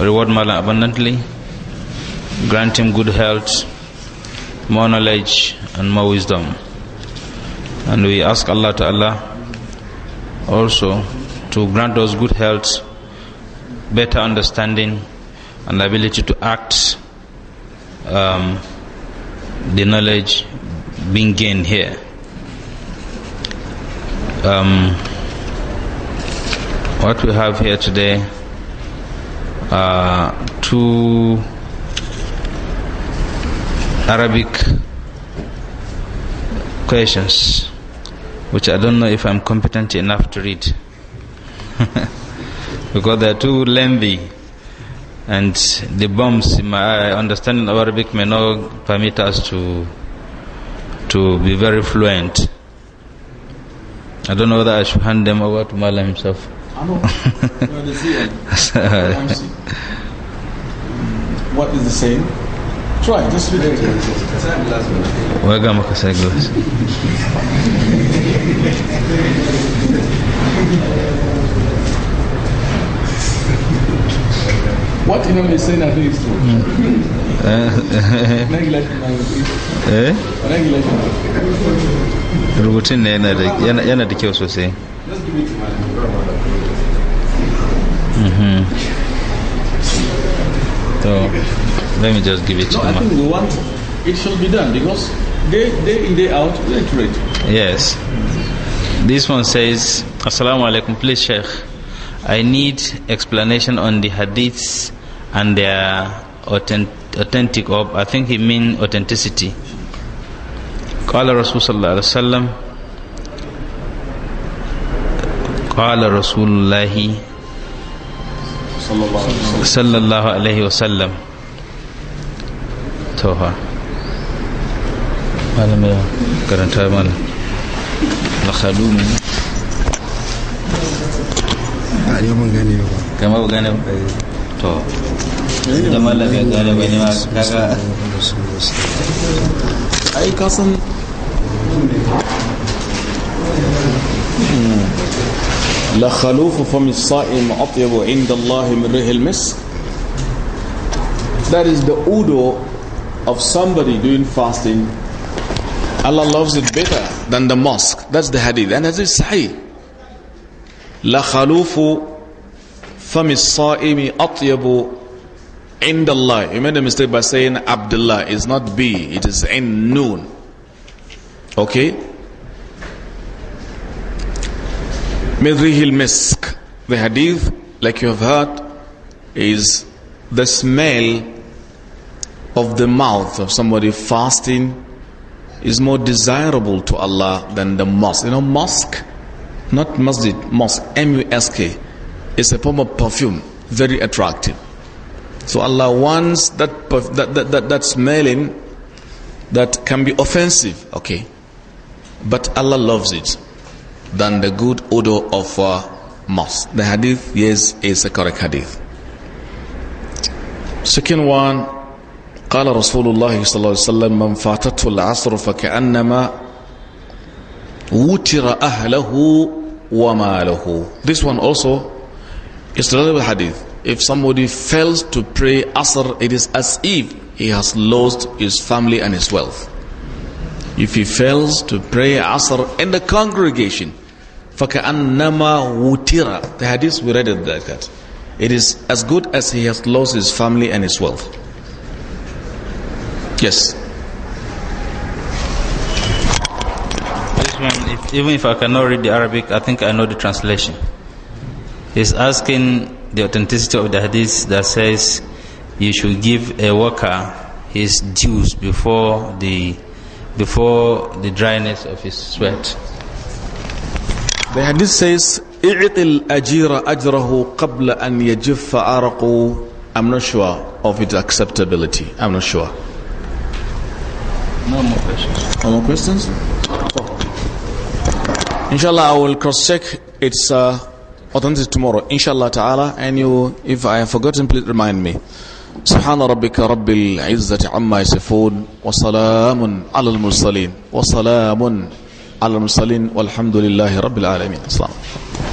reward Mala abundantly, grant him good health, more knowledge, and more wisdom. And we ask Allah to Allah also to grant us good health, better understanding, and ability to act um, the knowledge being gained here. Um, what we have here today uh, two Arabic questions, which I don't know if I'm competent enough to read. because they're too lengthy and the bombs in my understanding of Arabic may not permit us to to be very fluent. I don't know whether I should hand them over to Mala himself. What is the same? Try, just read it. Wega makaseglas. What you know is saying I think is true. Hmm. Eh? Rubutun ne yana da kyau sosai. Just give it to my -hmm. So let me just give it no, to I think the one it should be done because day day in day out we iterate. Yes. This one says, "Assalamu alaikum, please, Sheikh. I need explanation on the hadiths and their authentic, authentic or I think he mean authenticity." قال رسول صلى الله عليه وسلم قال رسول الله sallallahu alaihi wasallam tofa malam ya karanta malam na mun gane ba kama ba gane ba to eh. da malam ya gane ba ne ma kaga ai Hmm. لخلوف فم الصائم أطيب عند الله That is the odor of somebody doing fasting. Allah loves it better than the mosque. That's the hadith. And that is sahih. say, فم الصائم أطيب عند الله. You made a mistake by saying Abdullah. It's not B. It is in noon. Okay? Midrihil Misk. The hadith, like you have heard, is the smell of the mouth of somebody fasting is more desirable to Allah than the mosque. You know, mosque, not masjid, mosque, M-U-S-K, is a form of perfume, very attractive. So Allah wants that, that, that, that, that smelling that can be offensive, okay? But Allah loves it than the good odor of uh, The hadith, yes, is a correct hadith. Second one, قال رسول الله صلى الله عليه وسلم من فاتته العصر فكأنما وتر أهله وماله. This one also is related with hadith. If somebody fails to pray Asr, it is as if he has lost his family and his wealth. If he fails to pray Asr in the congregation, فَكَأَنَّمَا وُتِرَ The hadith we read it like that. It is as good as he has lost his family and his wealth. Yes. This one, if, even if I cannot read the Arabic, I think I know the translation. He's asking the authenticity of the hadith that says you should give a worker his dues before the before the dryness of his sweat. The hadith says, "I'til ajira ajrahu qabla an yajiffa araqu." I'm not sure of its acceptability. I'm not sure. No more questions. No more questions. Inshallah, I will cross-check its uh, authenticity tomorrow. Inshallah, Taala. And you, if I have forgotten, please remind me. سبحان ربك رب العزة عما يصفون وسلام على المرسلين وسلام على المرسلين والحمد لله رب العالمين السلام